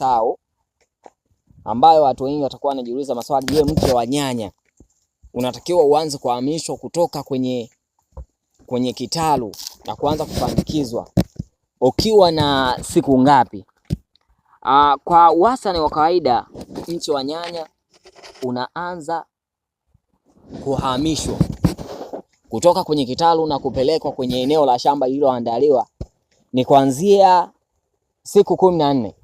msao, ambayo watu wengi watakuwa wanajiuliza maswali. Je, mche wa nyanya unatakiwa uanze kuhamishwa kutoka kwenye kwenye kitalu na kuanza kupandikizwa ukiwa na siku ngapi? Aa, ah, kwa wasani wa kawaida mche wa nyanya unaanza kuhamishwa kutoka kwenye kitalu na kupelekwa kwenye eneo la shamba lililoandaliwa ni kuanzia siku kumi na nne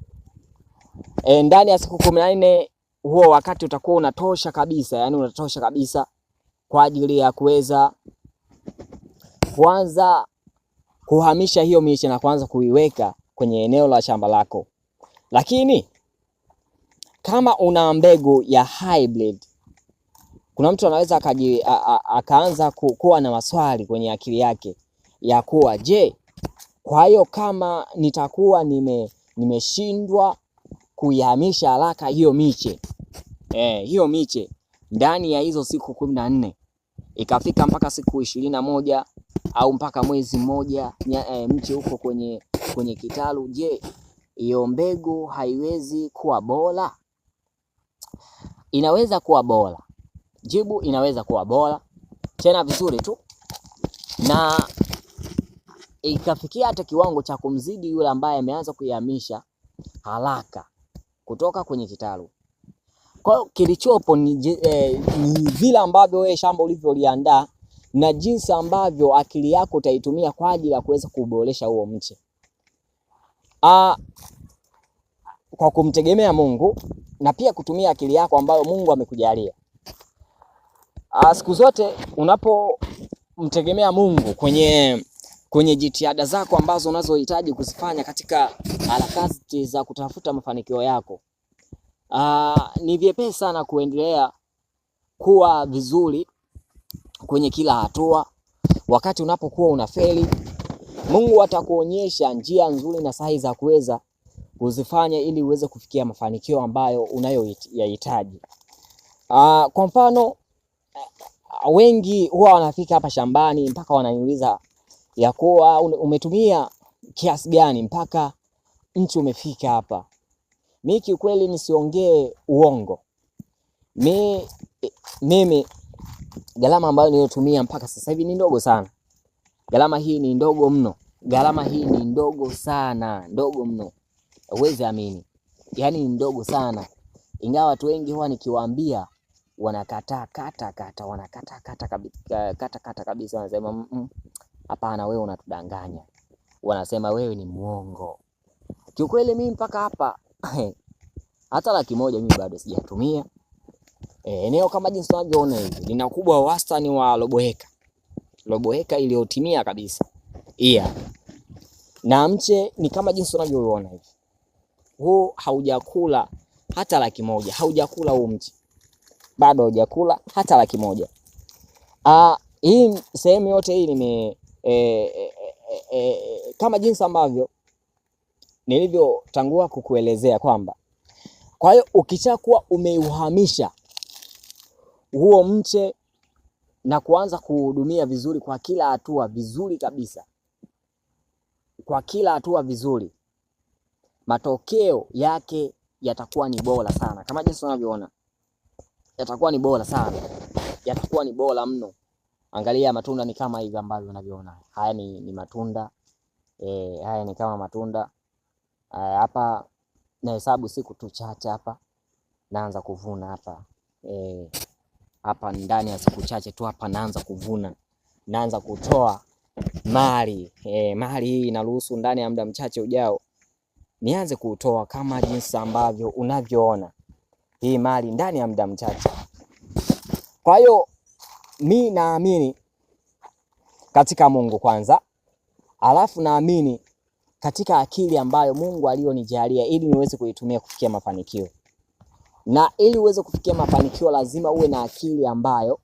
e, ndani ya siku kumi na nne huo wakati utakuwa unatosha kabisa, yani unatosha kabisa kwa ajili ya kuweza kuanza kuhamisha hiyo miche na kuanza kuiweka kwenye eneo la shamba lako. Lakini kama una mbegu ya hybrid, kuna mtu anaweza akaji, akaanza kuwa na maswali kwenye akili yake ya kuwa je, kwa hiyo kama nitakuwa nime nimeshindwa kuihamisha haraka hiyo miche eh, hiyo miche ndani ya hizo siku kumi na nne ikafika mpaka siku ishirini na moja au mpaka mwezi mmoja e, mche huko kwenye, kwenye kitalu, je, hiyo mbegu haiwezi kuwa bora? Inaweza kuwa bora. Jibu, inaweza kuwa bora tena vizuri tu, na ikafikia hata kiwango cha kumzidi yule ambaye ameanza kuihamisha haraka kutoka kwenye kitalu. Kwa hiyo kilichopo ni, eh, ni vile ambavyo wewe shamba ulivyoliandaa na jinsi ambavyo akili yako utaitumia kwa ajili ya kuweza kuboresha huo mche. Aa, ah, kwa kumtegemea Mungu na pia kutumia akili yako ambayo Mungu amekujalia. Ah, siku zote unapomtegemea Mungu kwenye kwenye jitihada zako ambazo unazohitaji kuzifanya katika harakati za kutafuta mafanikio yako. Aa, ah, ni vyepesi sana kuendelea kuwa vizuri kwenye kila hatua. Wakati unapokuwa unafeli, Mungu atakuonyesha njia nzuri na sahihi za kuweza kuzifanya ili uweze kufikia mafanikio ambayo unayoyahitaji. Ah, kwa mfano, wengi huwa wanafika hapa shambani mpaka wananiuliza ya kuwa umetumia kiasi gani mpaka nchi umefika hapa. Mi kiukweli nisiongee uongo, mi mimi gharama ambayo niliyotumia mpaka sasa hivi ni ndogo sana. Gharama hii ni ndogo mno, gharama hii ni ndogo sana, ndogo mno, huwezi amini, yaani ni ndogo sana, ingawa watu wengi huwa nikiwaambia wanakataa kata kata, wanakataa kata kabisa, wanasema mm, mm, hapana, wewe unatudanganya, wanasema wewe ni mwongo. Kiukweli mimi mpaka hapa hata laki moja mimi bado sijatumia. E, eneo kama jinsi unavyoona hivi lina kubwa wa wastani wa robo heka, robo heka iliyotimia kabisa iya yeah. Na mche ni kama jinsi unavyoona hivi, huu haujakula hata laki moja, haujakula huu mche bado haujakula hata laki moja. Ah, hii sehemu yote hii nime e, e, e, kama jinsi ambavyo nilivyotangua kukuelezea kwamba, kwa hiyo ukishakuwa umeuhamisha huo mche na kuanza kuhudumia vizuri kwa kila hatua vizuri kabisa, kwa kila hatua vizuri, matokeo yake yatakuwa ni bora sana, kama jinsi unavyoona, yatakuwa ni bora sana, yatakuwa ni bora mno. Angalia matunda ni kama hivi ambavyo unavyoona. Haya ni, ni matunda. E, haya ni kama matunda. E, hapa hesabu siku tu chache hapa naanza kuvuna hapa. E, hapa ndani ya siku chache tu hapa naanza kuvuna. Naanza kutoa mali. E, mali hii inaruhusu ndani ya muda mchache ujao nianze kutoa kama jinsi ambavyo unavyoona. Hii mali ndani ya muda mchache. Kwa hiyo mi naamini katika Mungu kwanza, alafu naamini katika akili ambayo Mungu aliyonijalia ili niweze kuitumia kufikia mafanikio. Na ili uweze kufikia mafanikio, lazima uwe na akili ambayo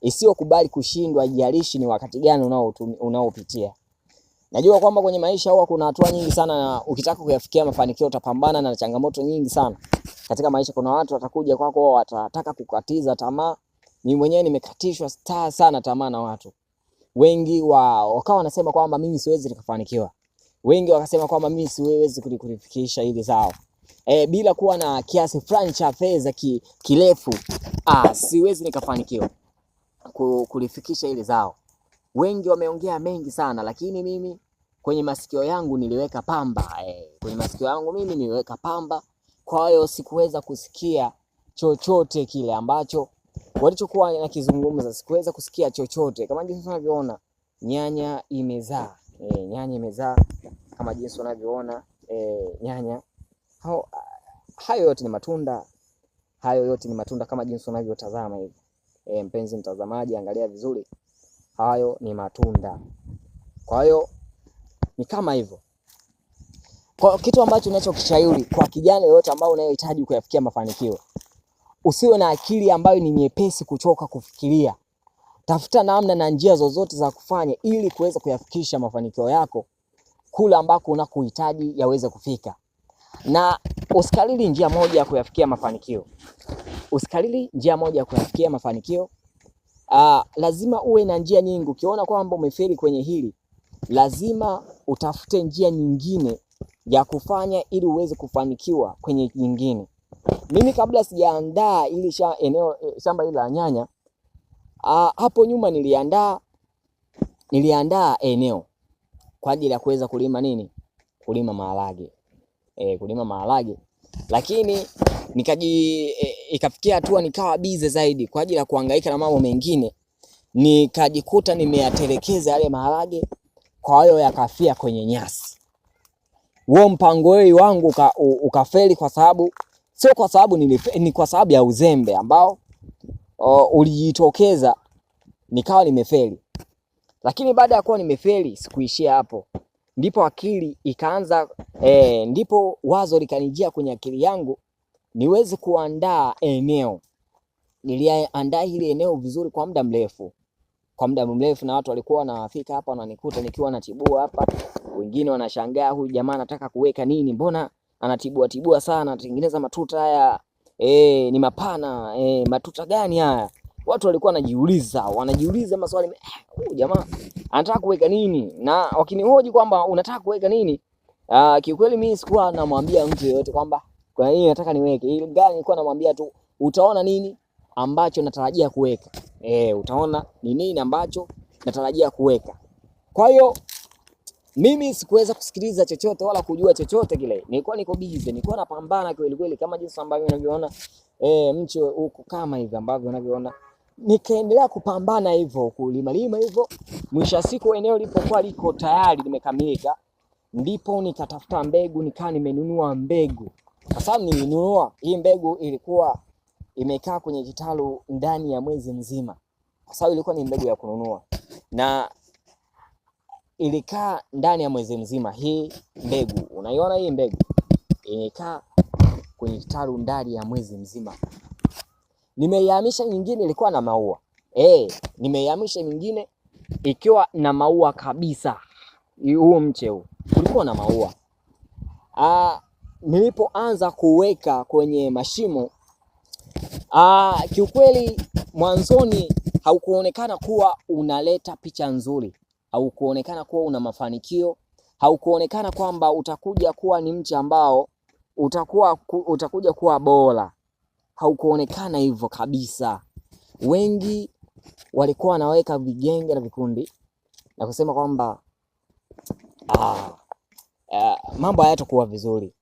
isiyokubali kushindwa, haijalishi ni wakati gani unaopitia. Najua kwamba kwenye maisha huwa kuna hatua nyingi sana, na ukitaka kuyafikia mafanikio utapambana na changamoto nyingi sana katika maisha. Kuna watu watakuja kwako, watataka kukatiza tamaa mimi mwenyewe nimekatishwa staa sana tamaa na watu wengi wa, wakawa wanasema kwamba mimi siwezi nikafanikiwa. Wengi wakasema kwamba mimi siwezi kulifikisha hili zao e, bila kuwa na kiasi fulani cha fedha ki, kirefu ah, siwezi nikafanikiwa kulifikisha hili zao. Wengi wameongea mengi sana, lakini mimi kwenye masikio yangu niliweka pamba e, kwenye masikio yangu mimi niliweka pamba. Kwa hiyo sikuweza kusikia chochote kile ambacho walichokuwa nakizungumza sikuweza kusikia chochote, kama jinsi unavyoona nyanya imezaa e, nyanya imezaa kama jinsi unavyoona e, eh, nyanya hao. Hayo yote ni matunda, hayo yote ni matunda kama jinsi unavyotazama hivi e, mpenzi mtazamaji, angalia vizuri, hayo ni matunda. Kwa hiyo ni kama hivyo. Kwa kitu ambacho ninachokishauri kwa kijana yoyote ambao unayohitaji kuyafikia mafanikio Usiwe na akili ambayo ni nyepesi kuchoka kufikiria. Tafuta namna na njia zozote za kufanya ili kuweza kuyafikisha mafanikio yako kule ambako unakuhitaji yaweze kufika, na usikalili njia moja ya kuyafikia mafanikio. Usikalili njia moja ya kuyafikia mafanikio. Aa, ah, lazima uwe na njia nyingi. Ukiona kwamba umefeli kwenye hili, lazima utafute njia nyingine ya kufanya ili uweze kufanikiwa kwenye nyingine mimi kabla sijaandaa ili sha, eneo e, shamba hili la nyanya aa, hapo nyuma niliandaa niliandaa eneo kwa ajili ya kuweza kulima nini, kulima maharage e, kulima maharage, lakini nikaji e, ikafikia hatua nikawa bize zaidi kwa ajili ya kuhangaika na mambo mengine, nikajikuta nimeyatelekeza yale maharage, kwa hiyo yakafia kwenye nyasi. Huo mpango wangu uka, ukafeli kwa sababu sio kwa sababu ni, ni kwa sababu ya uzembe ambao uh, ulijitokeza nikawa nimefeli. Lakini baada ya kuwa nimefeli, sikuishia hapo, ndipo akili ikaanza eh, ndipo wazo likanijia kwenye akili yangu niweze kuandaa eneo. Niliandaa hili eneo vizuri kwa muda mrefu kwa muda mrefu, na watu walikuwa wanafika hapa wananikuta nikiwa natibua hapa, wengine wanashangaa huyu jamaa anataka kuweka nini, mbona anatibua tibua sana, anatengeneza matuta haya eh, ni mapana e, matuta gani haya? Watu walikuwa wanajiuliza wanajiuliza maswali eh, oh, jamaa anataka kuweka nini? Na wakinihoji kwamba unataka kuweka nini, ah, kiukweli mimi sikuwa namwambia mtu yeyote kwamba kwa nini nataka niweke ile gani, nilikuwa namwambia tu utaona nini ambacho natarajia kuweka eh, utaona ni nini ambacho natarajia kuweka. Kwa hiyo mimi sikuweza kusikiliza chochote wala kujua chochote kile. Nilikuwa niko busy, nilikuwa napambana kweli kweli kama jinsi ambavyo unavyoona eh, mche huko kama hivi ambavyo unavyoona. Nikaendelea kupambana hivyo kulima lima hivyo. Mwisho siku eneo lipokuwa liko tayari limekamilika, ndipo nikatafuta mbegu, nikaa nimenunua mbegu. Sasa nilinunua hii mbegu, ilikuwa imekaa kwenye kitalu ndani ya mwezi mzima. Sasa ilikuwa ni mbegu ya kununua na ilikaa ndani ya mwezi mzima. Hii mbegu unaiona, hii mbegu ilikaa kwenye kitalu ndani ya mwezi mzima. Nimeihamisha nyingine ilikuwa na maua eh, nimeihamisha nyingine ikiwa na maua kabisa. Huu mche huu ulikuwa na maua ah, nilipoanza kuweka kwenye mashimo ah, kiukweli mwanzoni haukuonekana kuwa unaleta picha nzuri, haukuonekana kuwa una mafanikio, haukuonekana kwamba utakuja kuwa ni mche ambao utakuwa utakuja kuwa bora, haukuonekana hivyo kabisa. Wengi walikuwa wanaweka vigenge na vikundi na kusema kwamba ah, uh, mambo hayatakuwa vizuri,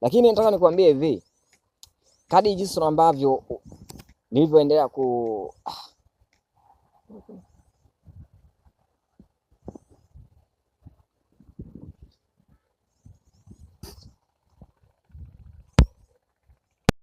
lakini nataka nikwambie hivi, kadi jinsi ambavyo nilivyoendelea ku ah.